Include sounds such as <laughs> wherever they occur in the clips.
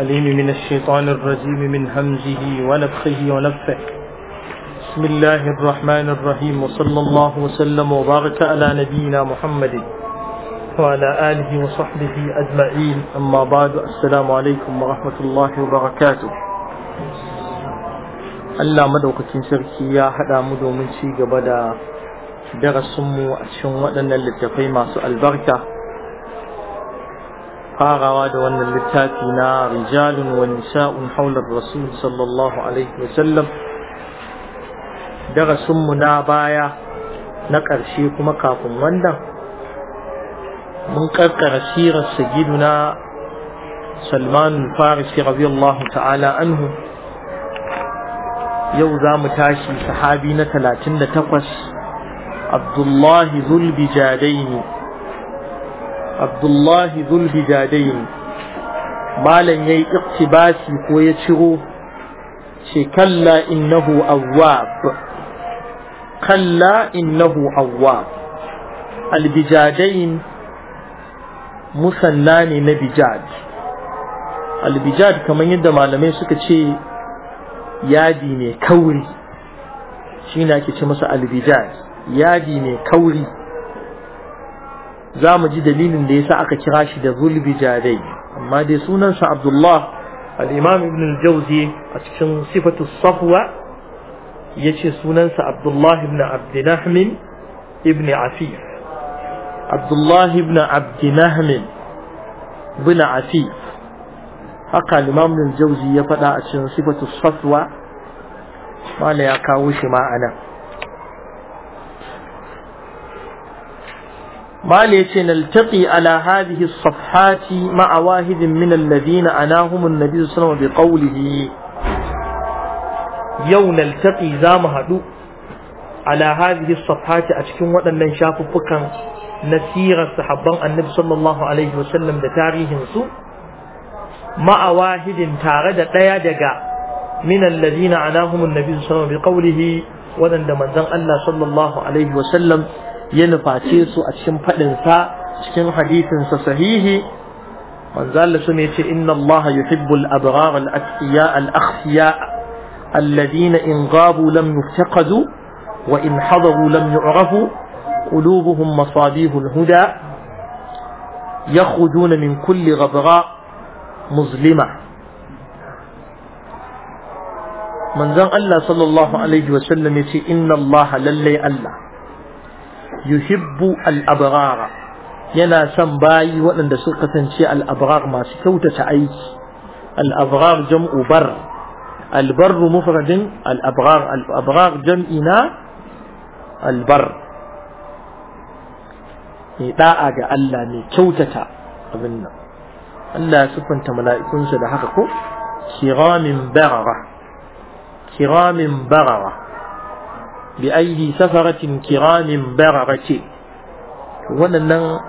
الأليم من الشيطان الرجيم من همزه ونفخه ونفه بسم الله الرحمن الرحيم وصلى الله وسلم وبارك على نبينا محمد وعلى آله وصحبه أجمعين أما بعد السلام عليكم ورحمة الله وبركاته Allah madaukakin sarki ya haɗa mu domin ci gaba da darasinmu a cikin waɗannan littattafai masu albarka farawa da wannan littafi na rijalun wa nisa'un haular rasul sallallahu alaihi wasallam darasinmu na baya na ƙarshe kuma kafin wannan mun ƙarƙara sirar na salman farisi radiyallahu ta'ala anhu yau za mu tashi sahabi na talatin da takwas abdullahi zulbi jadaini abdullahi zulbijadain malam yayi iktibasi ko ya ciro ce kalla innahu awwab kalla innahu awwab albijadain musalla ne na bijad albijad kamar yadda malamai suka ce yadi mai kauri shi ne ake ce masa albijad yadi mai kauri za mu ji dalilin da yasa aka kira shi da zulbi jadai amma dai sunansa abdullah al-imam ibn al-jawzi a cikin sifatu safwa yace sunansa abdullah ibn abdinahm ibn afif abdullah ibn abdinahm ibn afif haka al-imam ibn al-jawzi ya faɗa a cikin sifatu safwa mala ya kawo shi ma mala ya ce ala hadhihi as-safhati ma'a wahidin min alladhina anahum an-nabi sallallahu alaihi wasallam bi qawlihi yau naltaqi za mu haɗu hadhihi as-safhati a cikin waɗannan shafuffukan na sirar sahabban annabi sallallahu da tarihin su ma'a wahidin tare da ɗaya daga min alladhina anahum an-nabi sallallahu alaihi wasallam bi qawlihi wadanda Allah ينفعشي سوء الشمفة الإنساء شكين حديث سصحيه وانزال سميتي إن الله يحب الأبرار الأتقياء الأخفياء الذين إن غابوا لم يفتقدوا وإن حضروا لم يعرفوا قلوبهم مصابيه الهدى يخرجون من كل غبراء مظلمة من ذا الله صلى الله عليه وسلم يتي إن الله للي الله yuhibbu al-abrar yana son bayi waɗanda suka kasance al-abrar masu kyautata aiki al-abrar jam'u bar al-bar mufradin al-abrar al-abrar jam'i na al-bar mai da'a ga Allah mai kyautata abin nan Allah ya siffanta mala'ikunsa da haka ko kiramin barara kiramin barara bi aidi safaratin kiramin bararake waɗannan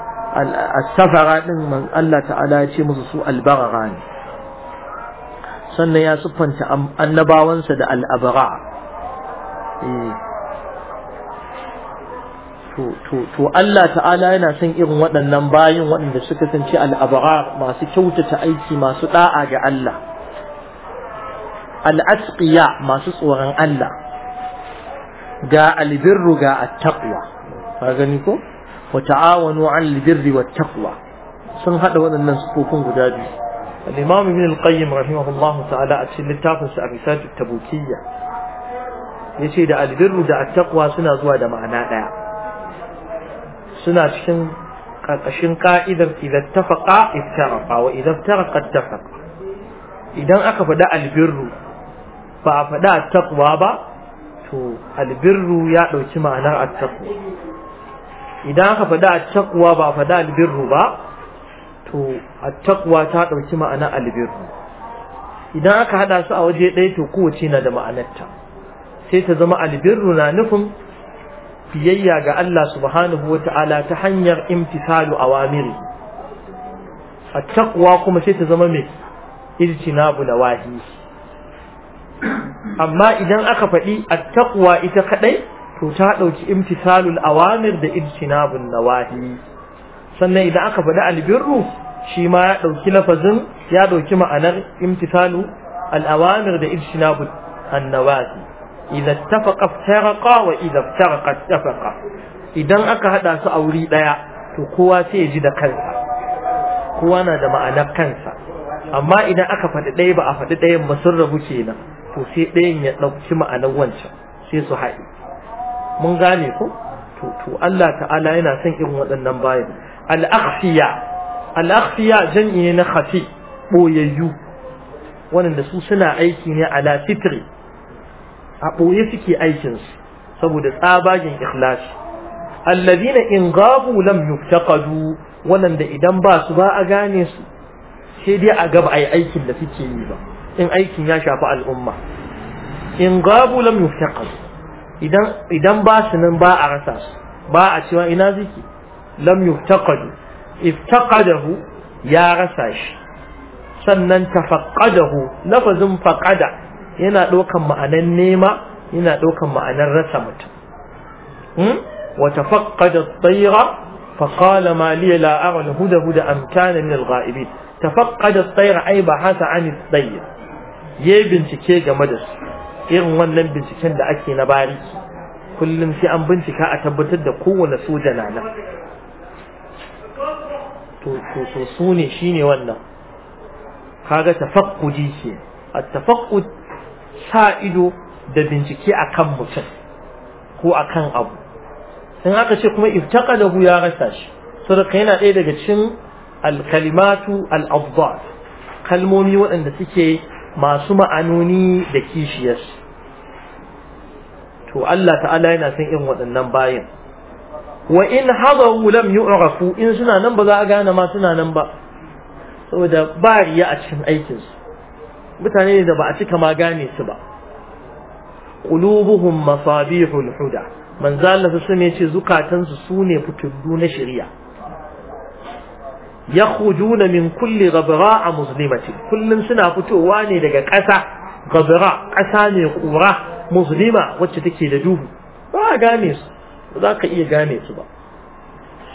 safara ɗin Allah ta'ala ya ce musu su albarara ne sannan ya siffanta annabawansa da al'abara to Allah ta'ala yana son irin waɗannan bayan waɗanda suka sanci al'abara masu kyautata aiki masu ɗa'a ga Allah al'asqiya masu tsoron Allah جاء لبر جاء التقوى فاغنيكو وتعاونوا على البر والتقوى سن هذا هو الناس بوكون الإمام ابن القيم رحمه الله تعالى أتسل التافس أبسات التبوكية يسيد البر دع التقوى سنة زوادة معنا لا سنة شن أشن قائد إذا اتفقا افترق وإذا افترق اتفقا إذا أكف دع البر فأفدع التقوى to albirru ya ɗauki ma'anar attaqwa idan aka faɗa attakwa ba faɗa albirru ba to attaqwa ta ɗauki ma'anar albirru idan aka haɗa su a waje ɗaya to kowace na da ma'anarta sai ta zama albirru na nufin biyayya ga Allah subhanahu wa ta'ala ta hanyar imtisalu awamiri attaqwa kuma sai ta zama mai ijtinabu wahi. amma idan aka faɗi attaqwa ita kadai to ta ɗauki imtisalul awamir da ijtinabun nawahi sannan idan aka faɗi albirru shi ma ya ɗauki lafazin ya ɗauki ma'anar imtisalu awamir da ijtinabun annawahi idan tafaqa iftaraqa wa idza iftaraqa tafaqa idan aka hada su a wuri daya to kowa sai ya ji da kansa kowa na da ma'anar kansa amma idan aka faɗi ɗaya ba a faɗi ɗayan ba sun rabu kenan to sai ɗayan ya ɗauki ma'anar wancan sai su haɗe mun gane ku? to to Allah ta'ala yana son irin waɗannan bayan al-akhfiya al-akhfiya ne na khafi boyayyu wanda su suna aiki ne ala fitri a boye suke aikin su saboda tsabagen ikhlasi alladhina in gabu lam yuftaqadu waɗanda idan ba su ba a gane su sai dai a gaba ai aikin da suke yi ba in aikin ya shafi al'umma in gabu lam yuftaqal idan idan ba su nan ba a rasa su ba a cewa ina ziki lam yuftaqadu iftaqadahu ya rasa shi sannan tafaqqadahu lafazin faqada yana ɗaukan ma'anar nema yana ɗaukan ma'anar rasa mutum wa tafaqqada at-tayra فقال ما لي لا أرى الهدهد أم كان من الغائبين تفقد الطير أي بحث عن الطير ya bincike game da su irin wannan binciken da ake na bariki kullum sai an bincika a tabbatar da kowane soja na nan to to su ne ne wannan kaga tafakkudi ke a tafakkud sa ido da bincike a kan mutum ko a kan abu in aka ce kuma iftaka da ya rasa shi sadaka yana ɗaya daga cin alkalimatu al'abba kalmomi waɗanda suke masu ma'anoni da kishiyarsu to Allah ta'ala yana san irin waɗannan bayin wa in hadaru lam yu'rafu in suna nan ba za a gane ma suna nan ba saboda ba riya a cikin aikin su mutane da ba a cika ma gane su ba qulubuhum masabihul huda manzo Allah ce zukatan su sune fitullu na shari'a yakhrujuna min kulli ghabra'a muslimatin kullun suna fitowa ne daga ƙasa ghabra ƙasa ne ƙura muslima wacce take da duhu ba gane su za ka iya gane su ba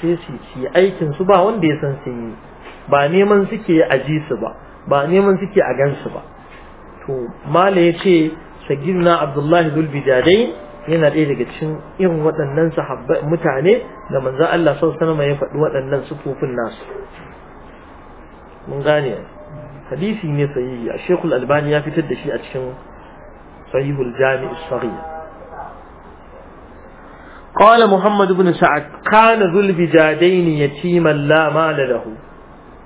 sai su ci aikin su ba wanda ya san sun yi ba neman suke a ji su ba ba neman suke a gan su ba to mala ya ce sagirna abdullahi zulbijadai yana ɗaya daga cikin irin waɗannan sahabba mutane da manzo Allah sallallahu alaihi ya faɗi waɗannan sufufin nasu mun gane hadisi ne sahihi a Sheikh Al-Albani ya fitar da shi a cikin Sahihul Jami' as-Saghir قال محمد بن سعد كان ذو البجادين يتيما لا مال له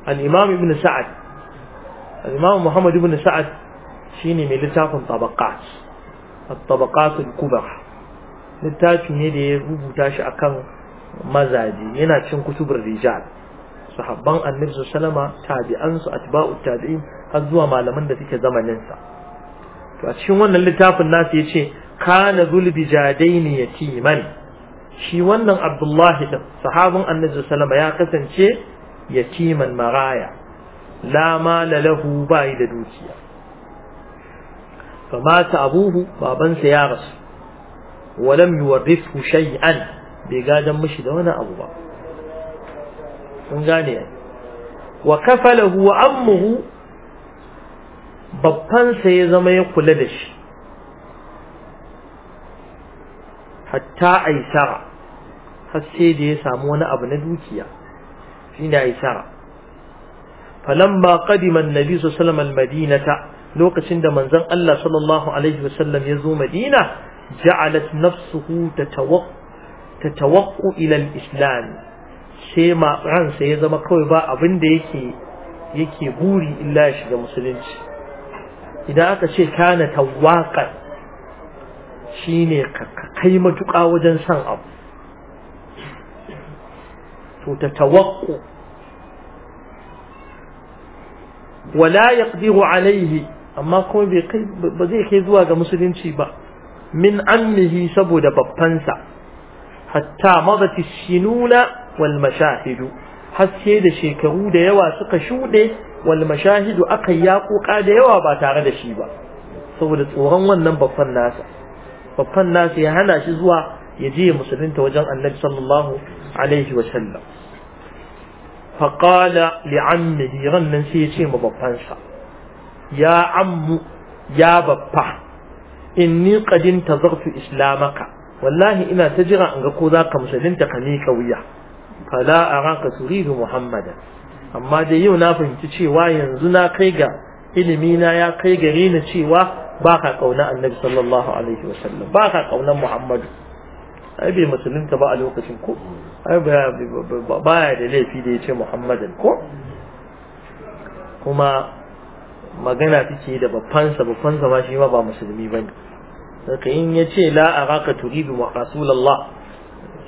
الإمام ابن سعد الإمام محمد بن سعد شيني من لتاف الطبقات الطبقات الكبرى littafi ne da ya rubuta shi akan mazaje yana cin kutubur rijal sahabban annabi sallama tabi'an su atba'u tabi'in har zuwa malaman da suke zamanin sa to a cikin wannan littafin nasu yace kana zulbi jadaini yatiman shi wannan abdullahi din sahabin annabi sallama ya kasance yatiman maraya la mala lahu bai da dukiya mata abuhu babansa ya rasu ولم يورثه شيئا بيقادم مش ده وانا أبوه ونغاني وكفله وأمه babbansa ya zama ya kula da shi hatta aisara har sai da ya samu wani abu na dukiya shi ne aisara ba qadima annabi sallallahu alaihi wasallam lokacin da manzon Allah sallallahu alaihi wasallam ya zo madina ja'alat nafsuhu tatawaqqu ila al-islam sai ma ransa ya zama kawai ba abin da yake yake buri illa ya shiga musulunci idan aka ce kana tawaqan shine ka kai matuƙa wajen san abu to tatawaqqu wala yaqdiru alaihi amma kuma ba zai kai zuwa ga musulunci ba min annihi saboda babbansa hatta madati shinuna wal mashahidu haske da shekaru da yawa suka shuɗe wal mashahidu aka kuka da yawa ba tare da shi ba saboda tsoron wannan babban nasa babban nasa ya hana shi zuwa ya je musulunta wajen annabi sallallahu alaihi wa sallam faqala li ammihi nan sai ya ce ma baffansa. ya ammu ya babba inni qadin tazartu islamaka wallahi ina ta jira in ga ko za ka musulunta ka miƙa wuya fala araka turidu muhammadan amma dai yau na fahimci cewa yanzu na kai ga ilimi na ya kai gare ni cewa ba ka kauna annabi sallallahu alaihi wa sallam. ba ka kaunan muhammadu ai bai musulunta ba a lokacin ko ai baya da laifi da ya ce muhammadan ko kuma magana take da babbansa babbansa ba shi ma ba musulmi bane saka in ya ce la araka turidu wa rasulullah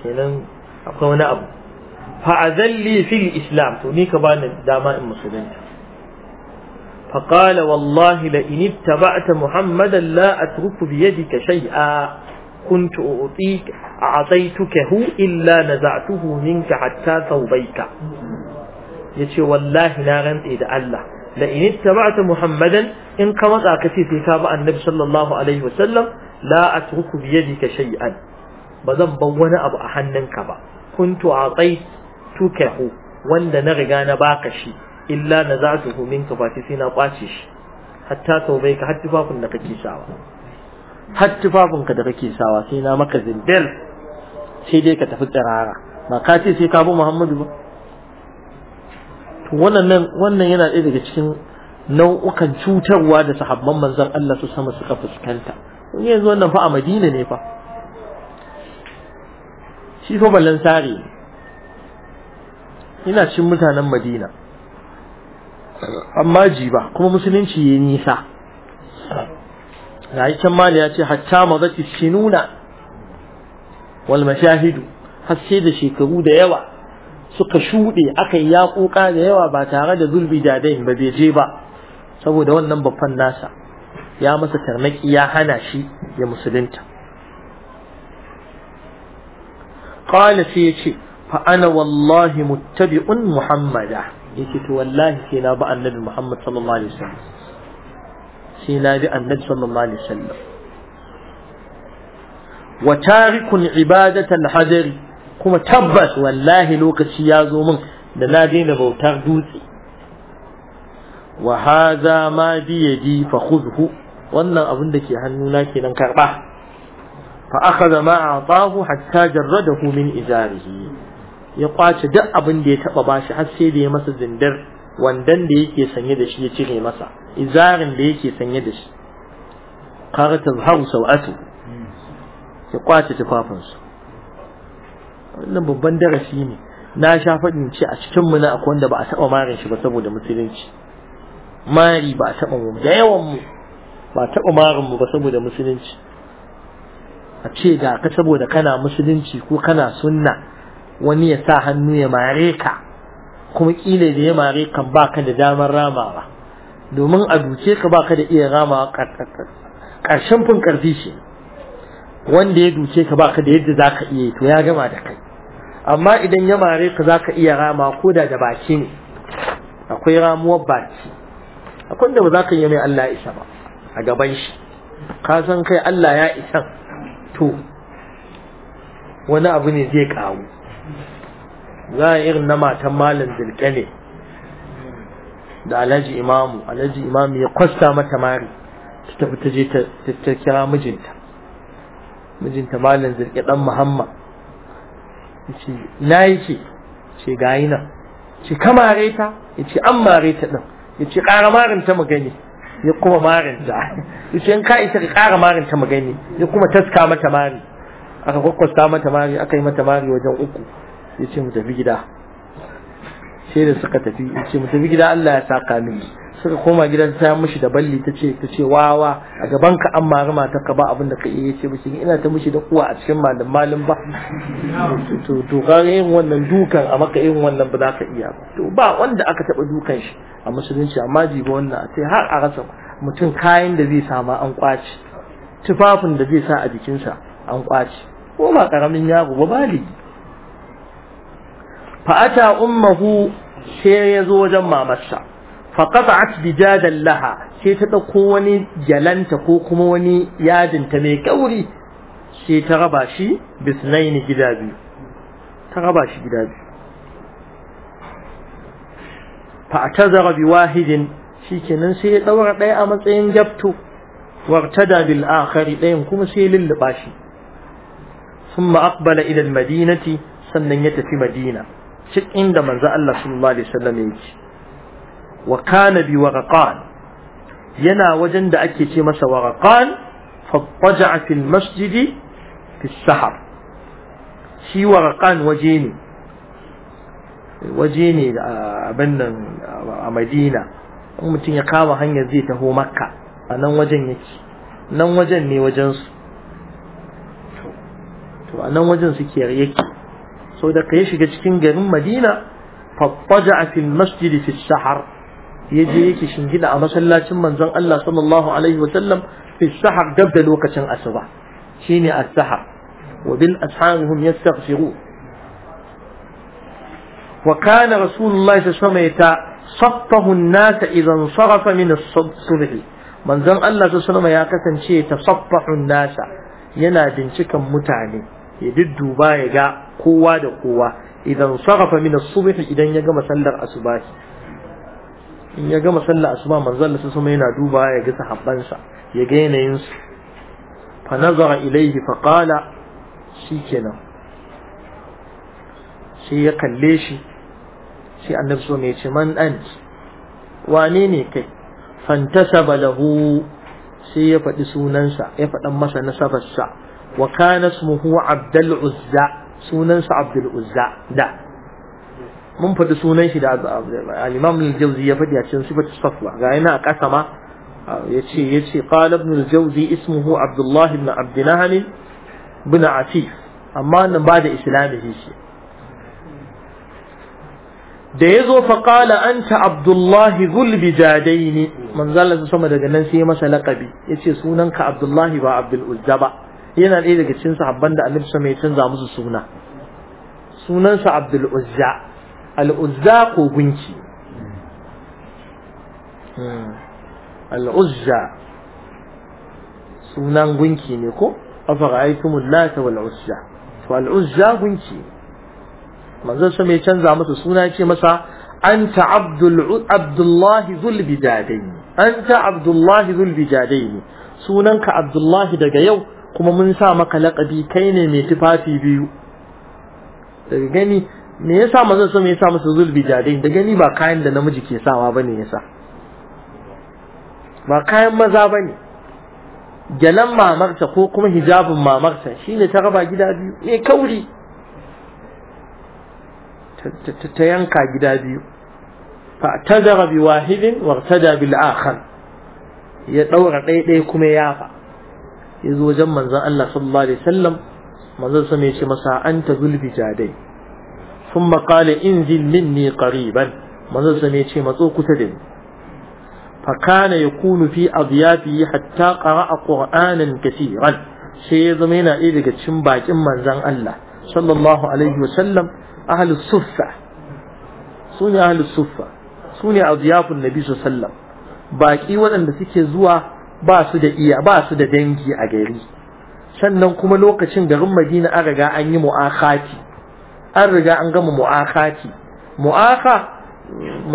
kenan akwai wani abu fa azalli fil islam to ni ka bani dama in musulunta fa wallahi la in ittaba'ta muhammadan la atruku bi yadika shay'a كنت أعطيك أعطيتكه إلا نزعته منك حتى ثوبيك يتي wallahi na غنت da allah. la in ittaba'ta muhammadan in ka matsa ka ce sai ka bi annabi sallallahu alaihi wasallam la atruku bi yadika shay'an ba zan bar wani abu a hannunka ba kuntu a'taytuka hu wanda na riga na baka shi illa nazatuhu minka fa sai na kwace shi hatta sau bai ka har tufafin da kake sawa har tufafin ka da kake sawa sai na maka zindel sai dai ka tafi tsirara ba ka ce sai ka bi muhammadu ba wannan wannan yana ɗaya daga cikin nau'ukan cutarwa da sahabban manzon Allah su sama suka fuskanta in yanzu wannan fa a Madina ne fa shi fa balansare ina cin mutanen Madina amma ji ba kuma musulunci ya nisa yayi can mali ya ce hatta mazati nuna. wal mashahidu har sai da shekaru da yawa suka shuɗe aka yi yaƙuƙa da yawa ba tare da zulbi da dain ba bai je ba saboda wannan babban nasa ya masa tarnaki ya hana shi ya musulunta qala sai yace fa ana wallahi muttabi'un muhammada yake to wallahi sai na bi annabi muhammad sallallahu alaihi wasallam sai na bi annabi sallallahu alaihi wasallam wa tarikun ibadatan hadari kuma tabbas wallahi lokaci ya zo min da na daina bautar dutse wa haza ma bi yadi fa khudhu wannan abin da ke hannuna kenan karba fa akhadha ma atahu hatta jarradahu min izarihi ya kwace duk abin da ya taba bashi har sai da ya masa zindar wandan da yake sanye da shi ya cire masa izarin da yake sanye da shi qara tazharu sawatu ya kwace tufafinsu wannan babban darasi ne na sha faɗin ce a cikin mu na akwai wanda ba a taɓa marin shi ba saboda musulunci mari ba a taɓa mu da yawan mu ba a taɓa marin mu ba saboda musulunci a ce da ka saboda kana musulunci ko kana sunna wani ya sa hannu ya mare ka kuma kila da ya mare kan baka da damar ramawa domin a duke ka baka da iya ramawa ƙarshen fin ƙarfi shi wanda ya duce ka baka da yadda zaka iya to ya gama da kai amma idan ya mare ka zaka iya rama ko da da baki ne akwai ramuwar baki akwai da ba za ka yi mai Allah isa ba a gaban shi ka san kai Allah ya isa to wani abu ne zai kawo za a irin na matan malam zilke ne da alhaji imamu alhaji imamu ya kwasta mata mari ta tafi ta je ta kira mijinta mijinta malin zirke dan muhammad yace na yake ce gayi nan ce ka mare ta yace an mare ta din yace ƙara marin ta magani ya kuma marin ta <laughs> yace in ka isa ka ƙara marin ta magani ya kuma taska mata mari aka kwakwasta mata mari aka yi mata mari wajen uku yace mu tafi gida sai da suka tafi yace mu tafi gida Allah ya saka mini suka koma gidan ta mishi da balli ta ce ta ce wawa a gaban ka an mara mata ka ba abin da ka iya ce mishi ina ta mishi da kuwa a cikin malam malin ba to to ga yin wannan dukan a maka yin wannan ba za ka iya ba to ba wanda aka taba dukan shi a musulunci amma jiba wannan sai har a rasa mutum kayan da zai sama an kwaci tufafin da zai sa a jikinsa an kwaci ko ba karamin yaro ba bali. fa ata ummuhu sai ya zo wajen mamarsa faqata'at bijadan laha sai ta dauko wani gyalanta ko kuma wani ta mai kauri sai ta raba shi bisnaini gida biyu ta raba shi gida biyu fa'tazara Wahidin, shikenan sai ya daura ɗaya a matsayin jabto wartada bil akhari ɗayan kuma sai ya lulluba shi ثم أقبل إلى Madinati, sannan ya tafi madina cikin inda manzo Allah sallallahu alaihi wasallam yake وكان بوغقان ينا وجند أكيتي مسا وغقان فاضطجع في المسجد في السحر شي وغقان وجيني وجيني آه، أبنى آه، مدينة أمتين يقاوى هن يزيته مكة أنا وجن أنا وجن وجنس أنا وجنس سكير يكي سو دا قيش مدينة فاضطجع في المسجد في السحر ya je yake shingina a masallacin manzon Allah sallallahu alaihi wa sallam fi sahar dab da lokacin asuba shine as-sahar wa bil asharihum yastaghfiru wa kana rasulullahi sallallahu alaihi wa sallam صفه الناس إذا انصرف ya kasance ta زن الله سلم يا كسن شيء تصفح الناس ya ga kowa da kowa. Idan sarafa min انصرف من idan ya يقام سلر أسباش in ya gama sallar asuba manzon Allah sama yana duba ya ga sahabbansa ya ga yanayin su fa nazara ilaihi fa qala shikenan sai ya kalle shi sai annabi so mai ce man ant wane ne kai fantasaba lahu sai ya faɗi sunansa ya faɗan masa nasabarsa wa kana ismuhu Abdul Uzza sunansa Abdul Uzza da mun faɗi sunan shi da al-imam al-jawzi ya faɗi a cikin sifat safwa ga yana a ƙasa ma yace yace qala ibn al-jawzi ismuhu abdullah ibn abd nahm ibn atif amma nan ba da islami shi da yazo fa qala anta abdullah zul bijadain manzalan sama daga nan sai masa laqabi yace sunanka abdullah ba abdul uzza ba yana ɗaya daga cikin sahabban da annabi sama ya canza musu suna sunansa abdul uzza al'uzza ko gunki hmm. al'uzza sunan gunki ne ko afara'aitumul lata wa al'uzza!" to al'uzza gunki manzan su mai canza masa suna ce masa anta ta abdullahi zul an ta abdullahi zul bidadaini sunanka abdullahi daga yau kuma mun sa maka laƙabi kai ne mai tufafi biyu daga gani me yasa mazan so me yasa musu zulbi jadai da gani ba kayan da namiji ke sawa bane yasa ba kayan maza bane gyalan mamarta ko kuma hijabin mamarta shine ta raba gida biyu me kauri ta yanka gida biyu fa tadara bi wahidin wa tada bil akhar ya daura ɗaya ɗaya kuma ya yafa yazo wajen manzon Allah sallallahu alaihi wasallam manzon sa me ce masa anta zulbi jadai ثم قال انزل مني قريبا manzo sa ne ce matso kusa da ni fa kana yakunu fi adyafi hatta qara'a qur'anan kaseeran sai ya zama yana ɗaya daga cikin bakin manzon Allah sallallahu alaihi wa sallam ahlus suffa sune ahlus suffa sune adyafun nabi sallam baki waɗanda suke zuwa ba su da iya ba su da dangi a gari sannan kuma lokacin garin Madina an riga an yi mu'akhati an riga an gama mu'akati mu'aka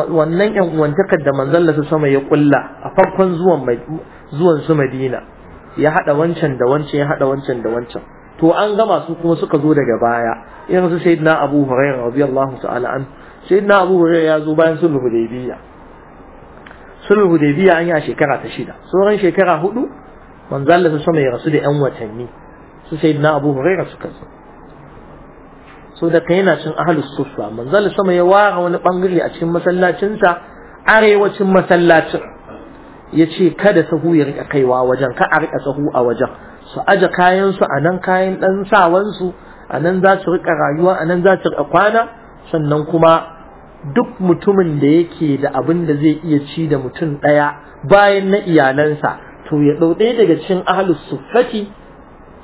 wannan yan uwantakar da manzon Allah sama ya kulla a farkon zuwan zuwan su Madina ya hada wancan da wancan ya hada wancan da wancan to an gama su kuma suka zo daga baya irin su sayyidina Abu Hurairah radiyallahu ta'ala an sayyidina Abu Hurairah ya zo bayan sulhu Hudaybiyya sulhu Hudaybiyya an yi a shekara ta shida sauran shekara hudu manzo Allah sama ya rasu da yan watanni su sayyidina Abu Hurairah suka zo so da ka yana cin ahalus sufa manzal sama ya ware wani bangare a cikin masallacinsa arewacin masallacin ya ce kada sahu ya rika kaiwa wajen ka a rika sahu a wajen su aje kayansu a nan kayan dan sawansu a nan za su rika rayuwa a nan za su rika kwana sannan kuma duk mutumin da yake da abin da zai iya ci da mutum ɗaya bayan na iyalansa to ya ɗau ɗaya daga cikin ahalus sufati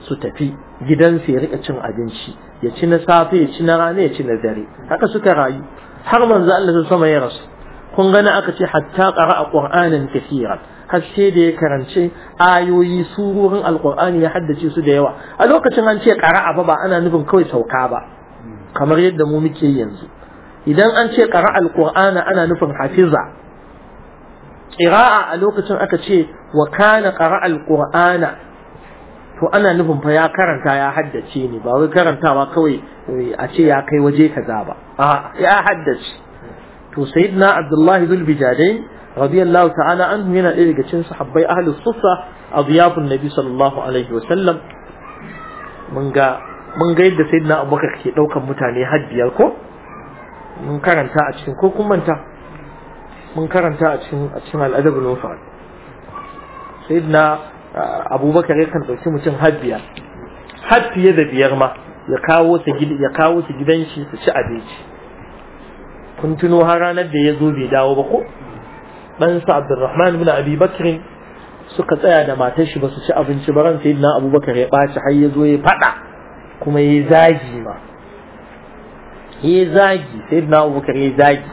su tafi gidansu ya rika cin abinci ya ci na safe ya ci na rana ya ci na dare haka suka rayu har manzo Allah sama ya rasu kun gani aka ce hatta qara'a qur'anan kaseeran har sai da ya karance ayoyi surorin alqur'ani ya haddace su da yawa a lokacin an ce qara'a fa ba ana nufin kawai sauka ba kamar yadda mu muke yanzu idan an ce qara'a alqur'ana ana nufin hafiza qira'a a lokacin aka ce wa kana qara'a alqur'ana to ana nufin fa ya karanta ya haddace ne ba wai karantawa kawai eh, a ce ya kai waje kaza ba a ya haddace to sayyidina abdullahi zulbijadain radiyallahu ta'ala anhu yana ɗaya daga cikin sahabbai ahli sufa adiyafun nabi sallallahu alaihi wa sallam mun ga mun ga yadda sayyidina abubakar ke ɗaukan mutane har biyar ko mun karanta a cikin ko kun manta mun karanta a cikin a cikin al'adabul mufrad sayyidina abubakar yakan ɗauki mutum har biyar har fiye da biyar ma ya kawo su ya kawo su gidan shi su ci abinci kun tuno har ranar da ya zo bai dawo ba ko sa abdurrahman ibn abi Bakr suka tsaya da matar shi ba su ci abinci ba ran sayyidina abubakar ya baci har ya zo ya faɗa kuma ya zagi ma ya zagi sayyidina abubakar ya zagi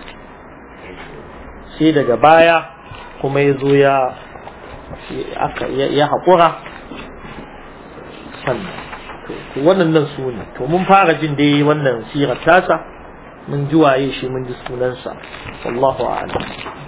sai daga baya kuma ya zo ya ya haƙura sannan to waɗannan su ne to mun fara jin dai wannan sirar tasa mun ji waye shi mun ji sunansa wallahu a'lam